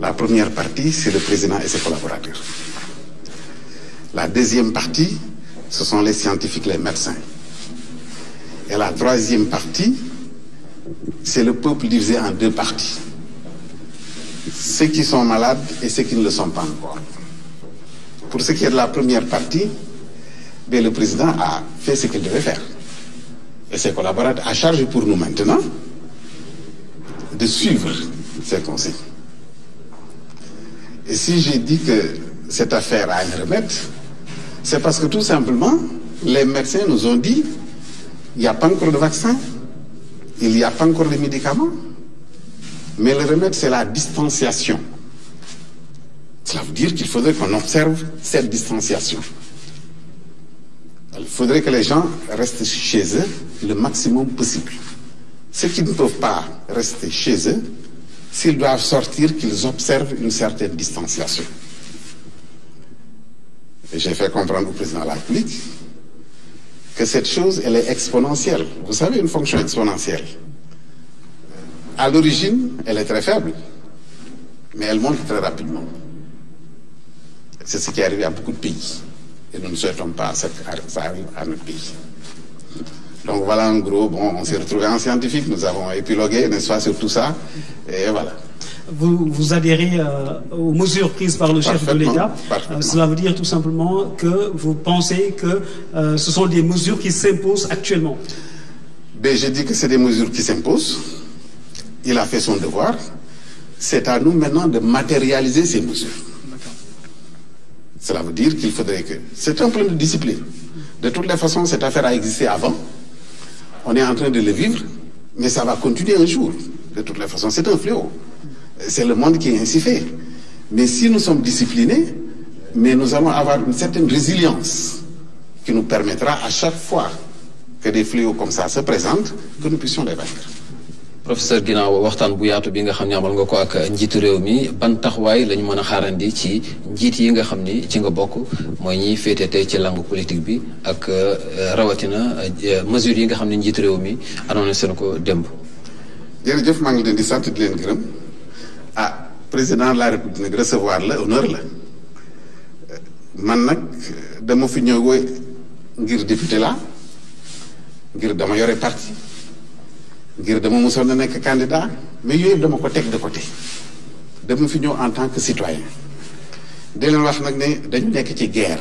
La première partie, c'est le président et ses collaborateurs. La deuxième partie, ce sont les scientifiques, les médecins. Et la troisième partie, c'est le peuple divisé en deux parties. Ceux qui sont malades et ceux qui ne le sont pas encore. Pour ce qui est de la première partie, bien, le président a fait ce qu'il devait faire. Et ses collaborateurs à charge pour nous maintenant de suivre ces conseils. Et si j'ai dit que cette affaire a une remettre, c'est parce que tout simplement, les médecins nous ont dit il n'y a pas encore de vaccin, il n'y a pas encore de médicaments. Mais le remède, c'est la distanciation. Cela veut dire qu'il faudrait qu'on observe cette distanciation. Il faudrait que les gens restent chez eux le maximum possible. Ceux qui ne peuvent pas rester chez eux, S'ils doivent sortir, qu'ils observent une certaine distanciation. Et j'ai fait comprendre au président de la République que cette chose, elle est exponentielle. Vous savez, une fonction exponentielle. À l'origine, elle est très faible, mais elle monte très rapidement. C'est ce qui est arrivé à beaucoup de pays. Et nous ne souhaitons pas que ça arrive à notre pays. Donc voilà, en gros, bon, on s'est retrouvés en scientifique, nous avons épilogué, nest pas, sur tout et voilà. Vous, vous adhérez euh, aux mesures prises par le chef de l'État. Euh, tout simplement que vous pensez que euh, ce sont des mesures qui s'imposent actuellement. Ben, je dis que c'est des mesures qui s'imposent. Il a fait son devoir. à nous maintenant de matérialiser ces mesures. Cela veut dire qu'il faudrait que... C'est un problème de discipline. De toutes les façons, cette affaire a existé avant. On est en train de le vivre, mais ça va continuer un jour. De toutes les façons, c'est un fléau. C'est le monde qui est ainsi fait. Mais si nous sommes disciplinés, mais nous allons avoir une certaine résilience qui nous permettra à chaque fois que des fléaux comme ça se présentent, que nous puissions les vaincre. professeur ginnaaw waxtaan bu yaatu bi nga xam ne amal nga ko ak njiitu réew mi ban taxawaay lañ mën a xaarandi ci njiit yi nga xam ni ci nga bokk mooy ñiy féete tey ci langue politique bi ak euh, rawatina euh, mesures yi nga xam ne njiitu réew mi annoncé seen ko démb. jërëjëf maa ngi leen di sant di gërëm ah président la république recevoir la honneur la euh, man nag dama fi ñëw ngir député la ngir dama yore parti. ngir dama mosoon na nekk candidat mais yooyu dama ko teg de côté dama fi ñëw en tant que citoyen di wax nag ne dañu nekk ci guerre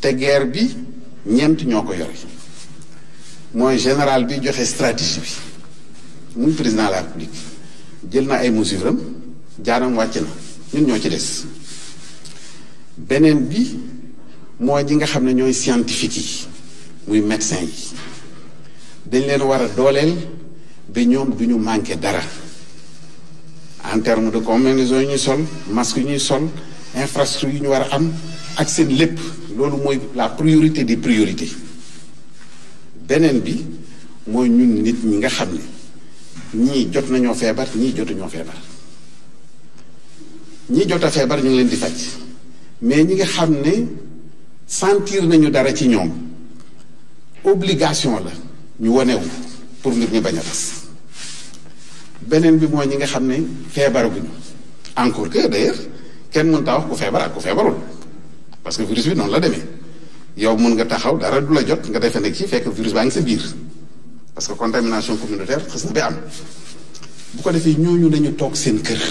te guerre bi ñeent ñoo ko yore mooy général bi joxe stratégie bi muy président la république jël na ay mesures am jaaram wàcc na ñun ñoo ci des beneen bi mooy ji nga xam ne ñooy scientifique yi muy médecin yi dañ leen war a dooleel ba ñoom du ñu manqué dara en terme de combinaison yi ñuy sol masque yi ñuy sol infrastructure yi ñu war a am ak seen lépp loolu mooy la priorité des priorités beneen bi mooy ñun nit ñi nga xam ne ñii jot nañoo feebar ñii jotuñoo feebar ñii jot a feebar ñu ngi leen di faj mais ñi nga xam ne sentir nañu dara ci ñoom obligation la ñu wanewu pour nit ñi bañ a tas beneen bi mooy ñi nga xam ne feebaraguñu encore que d'ailleurs kenn mën taa wax ku feebar ak ku feebarul parce que virus bi noonu la demee yow mun nga taxaw dara du la jot nga defe nekk ci fekk virus baa ngi sa biir parce que contamination communautaire xës na bi am bu ko defee ñooñu nañu toog seen kër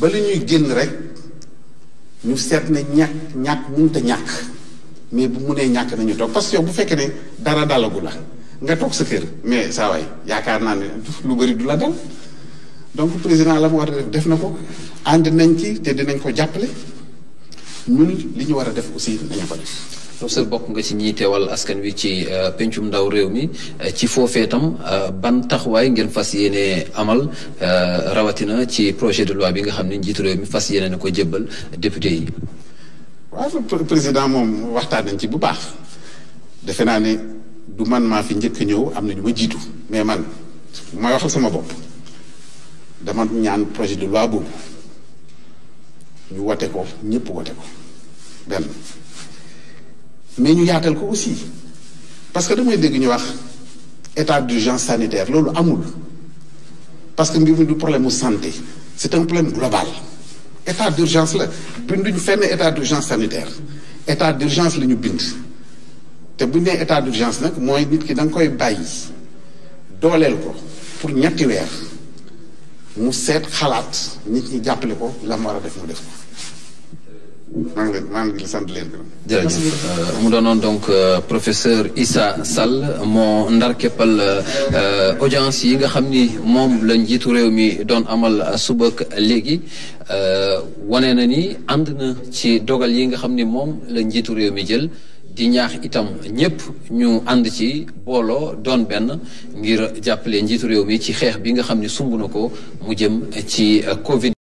ba li ñuy génn rek ñu seet ne ñàkk ñàkk mënut a ñàkk mais bu munee ñàkk nañu toog parce que bu fekkee ne dara dalagu la ah, nga toog sa kër mais saa waay yaakaar naa ne lu bëri du la dal donc président la mu war a def def na ko ànd nañ ci te dinañ ko jàppale li ñu war def aussi nañu ko def. bokk nga ci ñiy teewal askan wi ci euh, pencum ndaw réew mi euh, ci foofee tam euh, ban taxawaay ngeen fas yéene amal rawatina ci projet de loi bi nga xam ne njiitu réew mi fas yéene na ko jébbal député yi. waaw président moom waxtaan nañ ci bu baax defe naa ne du man maa fi njëkk ñëw am na ñu ma jiitu mais man mooy waxal sama bopp dama ñaan projet de loi boobu ñu wote ko ñëpp wote ko benn mais ñu yaatal ko aussi parce que damay dégg ñu wax état d'urgence sanitaire loolu amul parce que mbir mi du problème mu santé c'est un problème global état d'urgence la binduñ fenn état d'urgence sanitaire état d'urgence la ñu bind te bu ñu nee état d'urgence nag mooy nit ki danga koy bàyyi dooleel ko pour ñetti weer mu seet xalaat nit ñi jàppale ko la mu war a def mu def ko maa ngi maa euh, mu doonoon donc euh, professeur Issa Sall moo ndar képpal euh, audience yi nga xam ni moom la njiitu réew mi doon amal suba ak léegi wane na ni ànd na ci dogal yi nga xam ni moom la njiitu réew mi jël. di ñaax itam ñëpp ñu ànd ci booloo doon benn ngir jàppale njiitu réew mi ci xeex bi nga xam ne sumb na ko mu jëm ci Covid.